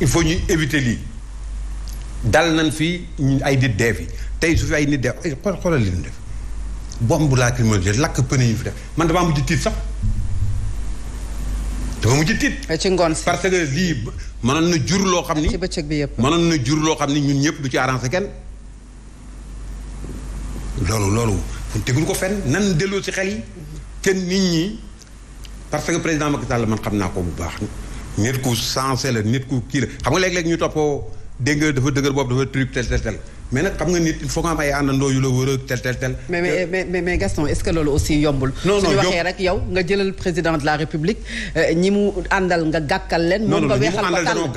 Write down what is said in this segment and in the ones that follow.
il faut ñu éviter lii dal nañ fi ay nit dee fi tey su fi ay nit dee eh, xoolal li ñu def bombe lacrymogène lakk pëne yi fi def man damaa mujj tiit sax dama mujj tiit. Eh, ngoon si parce que lii mënoon na jur loo xam ni. ci bëccëg bi yëpp mënoon na jur loo xam ni ñun ñëpp du ci arrangé kenn. loolu loolu tegul ko fenn nan delloo ci xel yi. kenn nit ñi parce que président Macky Sall man xam naa ko bu baax. nit ku sensé la nit ku kii la xam nga léeg-léeg ñu toppoo dégg nga dafa dëgër boobu dafa truc tel tel mais nag xam nga nit il faut nga am président la république euh, ñi mu nga gàkkal leen. moom nga weexal ba tànn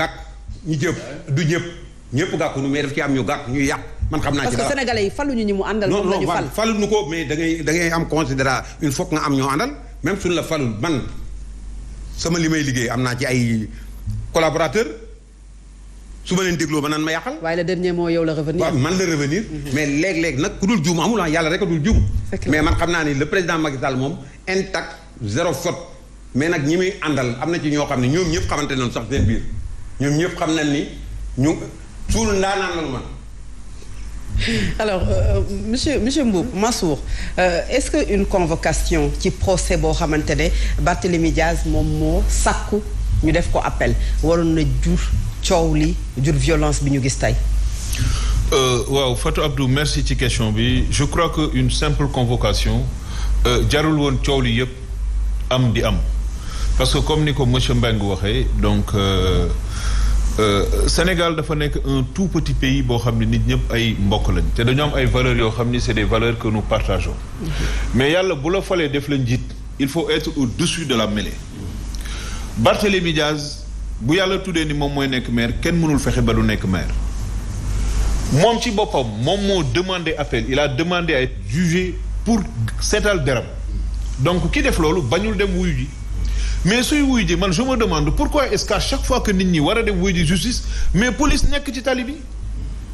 ñu jëpp du ñëpp ñëpp gàkkuñu mais daf ci am ñu gàkk ñu yàq. xam naa ci mu àndal. moom la ñu fal da ngay da ngay am considération il faut que ñoo àndal même suñu la falul man sama li may liggéey am naa ci ay collaborateur su ma leen dégloo ma naan ma yàqal. waaye le dernier mot yow la revenir. waaw man la revenir. mais léeg-léeg nag ku dul juum amul ah yàlla rek a dul juum. mais man xam naa ni le président Macky moom intact zéro faute. mais nag ñi muy àndal am na ci ñoo xam ne ñoom ñëpp xamante nañu sax seen biir ñoom ñëpp xam nañ ni ñu suul ndaanaan la ma alors euh, euh, monsieur monsieur Mboup Massour euh, est-ce que une convocation ci procès boo xamante ne Barthélémy Diaz moom moo sàkku ñu def ko appel waroon na jur coow li jur violence bi ñu gis tey. Euh, waaw Fatou Abdou merci ci question bi je crois que une simple convocation jarul woon coow li yëpp am di am parce que comme ni ko monsieur Mbengue waxee donc. Euh, Euh, Sénégal dafa nekk un tout petit pays boo xam ne nit ñëpp ay mbokk lañ te dañoo am ay valeurs yoo xam ni c'est des valeurs que nous partageons mhm. mais yàlla bu la falee def la njiit il faut être au-dessus de la mêlée Barthélémy Diaz bu yàlla tuddee ni moom mooy nekk maire kenn mënul fexe ba du nekk maire moom ci boppam moom moo demandé appel il a demandé à être jugé pour seetal deram donc ki def loolu bañul dem wuy ji mais suy wuy ji man je ma demande pourquoi est-ce qu'à chaque fois que nit ñi war a dem wuy ji justice mais police nekk ci tali bi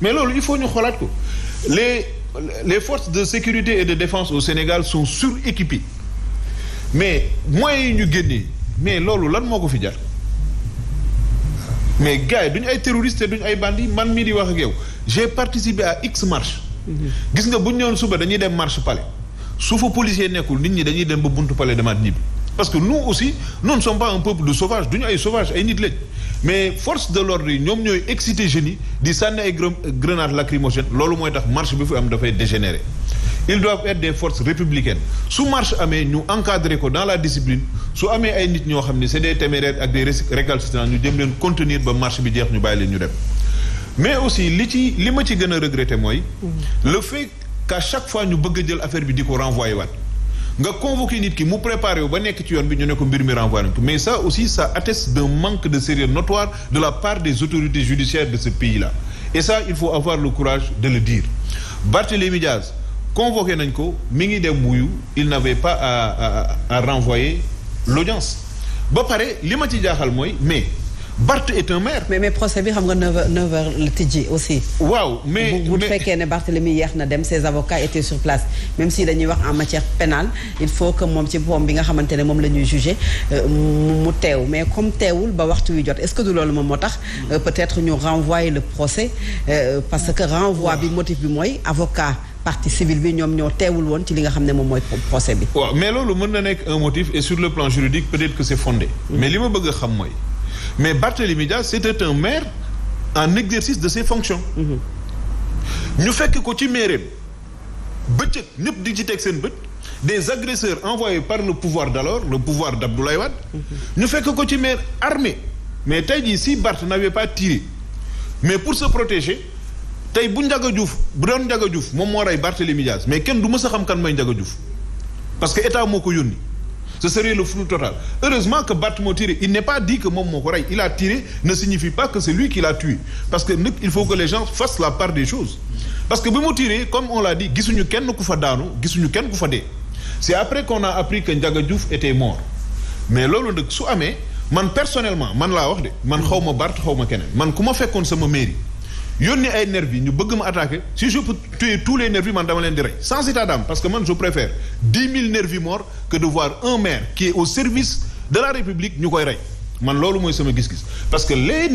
mais loolu il faut ñu xoolaat ko les les force de sécurité et de défense au Sénégal sont suréquipées mais moyens yi ñu génnee mais loolu lan moo ko fi jar mais gars yi ñu ay terroristes duñu ay bandits man mii di wax ak yow j'ai participé à X marche. Mhm. gis nga bu ñu ñëwoon suba dañuy dem marche palais su fa policier nekkul nit ñi dañuy dem ba buntu palais demaat ñibbi. parce que nous aussi nous ne sommes pas un peuple de sauvage duñu ay sauvage ay nit lañ mais force de l'ordre yi ñoom ñooy excité jeunes di sànni ay grenades lacrymogènes loolu mooy tax marche bi fi am dafay dégénérer ils doivent être des forces républicaines su marché amee ñu encadrer ko dans la discipline su amee ay nit ñoo xam ne c'est des téméraires ak des récalcitrants ñu jëm leen contenir ba marche bi jeex ñu bàyyi leen ñu dem mais aussi li ci li ma ci gën a regretter mooy mm. le fait qu'à chaque fois ñu bëgg jël affaire bi di ko renvoyer waat nga convoqué nit ki mu préparé wu ba nekk ci yoon bi ñu ne ko mbir mi renvoyé nañ ko mais ça aussi ça atteste d'un manque de sérieux notoire de la part des autorités judiciaires de ce pays là et ça il faut avoir le courage de le dire Barthélémy Diaz convoqué nañ ko mi ngi dem wuyu il n'avait pas à à, l'audience ba pare li ma ci jaaxal mooy mais barte est un maire. mais mais procès bi xam nga 9h 9 la tijji aussi. waaw mais mais bu bu fekkee ne mi yeex na dem ses avocats étaient sur place même si dañuy wax en matière pénale il faut que moom ci boppam bi nga xamante ne moom la ñuy jugé euh, mu teew mais comme teewul ba waxtu wi jot est-ce que du loolu moom moo tax. Euh, peut-être ñu renvoyer le procès. Euh, parce que renvoi bi motif bi mooy avocat. partie civile bi ñoom ñoo teewul woon ci li nga xam ne moom mooy procès bi. waaw na nekk un motif et sur le plan mm-hmm. li ma bëgg a xam mooy. mais Barthélémy Dias c'était un maire en exercice de ses fonctions ñu fekk ko ci mairie bëccëg ñëpp di ci teg seen bët des agresseurs envoyés par le pouvoir d'alors le pouvoir lay Wade ñu fekk ko ci maire armée mais tey jii si Barth n'avait pas tiré mais pour se protéger tey bu Ndiaga Diouf bu doon Ndiaga Diouf moom moo rey Barthélémy Dias mais kenn du mës a xam kan mooy Ndiaga Diouf parce que état moo ko yónni ce serait le flou total heureusement que Bat moo tiré il n'est pas dit que moom moo ko rey il a tiré ne signifie pas que c'est lui qui l'a tué parce que nag il faut que les gens fassent la part des choses parce que bi mu tiré comme on l'a dit gisuñu kenn ku fa daanu gisuñu kenn ku fa dee c'est après qu'on a appris que Ndiaga Diouf était mort mais loolu nag su amee man personnellement man laa wax de man xaw ma Bart xaw ma keneen man ku ma fekkoon sama mairie yónni ay nervi ñu bëgg ma attaquer si je peux tuer tous les nervis man dama leen di rey sans état d'âme parce que man je préfère dix mille nervis morts que de un maire qui au service de la république ñu koy rey man loolu mooy sama gis-gis parce que les